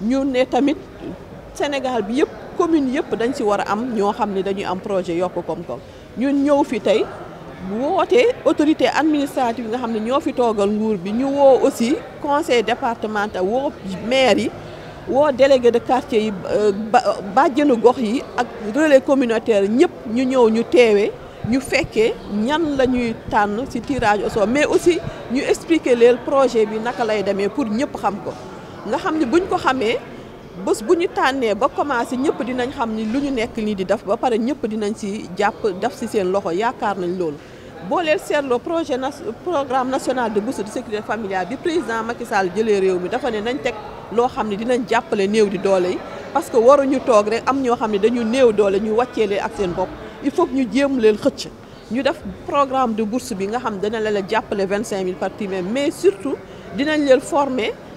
ñun ne tamit Sénégal bi yëpp commune yëpp dañ ci war a am ñoo xam ne dañuy am projet yokk koom-koom ñun ñëw fi tey woote autorité yi nga xam ne ñoo fi toogal nguur bi ñu woo aussi conseil départemental woo maire yi woo délégué de quartier yi euh, bàjjenu gox yi ak relais communautaire ñëpp ñu ñëw ñu teewee ñu fekkee ñan la ñuy tànn ci tirage au sort mais aussi ñu expliquer leel projet bi naka lay demee pour ñëpp xam ko nga xamni buñ ko xamé bëss buñu tanné ba commencé ñëpp dinañ xamni luñu nekk ni di daf ba paré ñëpp dinañ ci japp daf ci seen loxo yaakar nañ loolu. boo leen seetloo projet programme national de bourse de sécurité familiale bi président Macky Sall jëlé réew mi dafa né nañ tek lo xamni dinañ jappalé néew di doole parce que waruñu tok rek am ñoo xamni dañu néew doole ñu wàccee leen ak seen bopp il faut ñu jëm leen xëcc. ñu def programme de bourse bi nga xam dana la la jappalé 25000 par trimestre mais surtout dinañ leen former.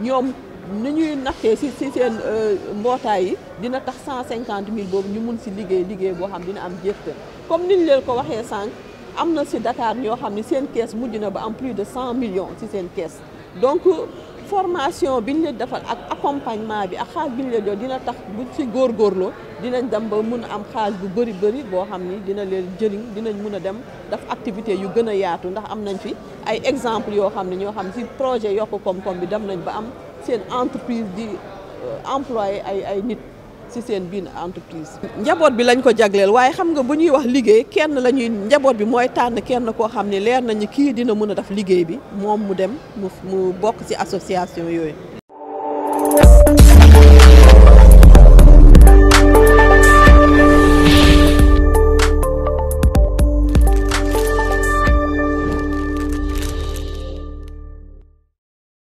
ñoom ni ñuy nattee si si seen euh, mbootaay yi dina tax cent cinquante mille boobu ñu mun si liggéey liggéey boo xam dina am jërte comme niñ leen ko waxee sànq am na si Dakar ñoo xam ne seen kees mujj na ba am plus de cent millions si seen kees donc formation bi ñu leen defal ak accompagnement bi ak xaalis bi ñu leen jox dina tax buñ si góor góorgóorloo dinañ dem ba mun a am xaalis bu bëri bëri boo xam ni dina leen jëriñ dinañ mun a dem def activité yu gën a yaatu ndax am nañ fi ay exemple yoo xam ne ñoo xam si projet yokk koom-koom bi dem nañ ba am seen entreprise di euh, employé ay ay nit ci seen biin entreprise. njaboot bi lañ ko jagleel waaye xam nga bu ñuy wax liggéey kenn la ñuy njaboot bi mooy tànn kenn koo xam ne leer nañu kii dina mën a def liggéey bi moom mu dem mu bokk ci association yooyu.